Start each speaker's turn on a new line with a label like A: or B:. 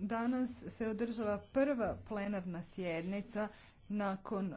A: Danas
B: se održava prva plenarna sjednica nakon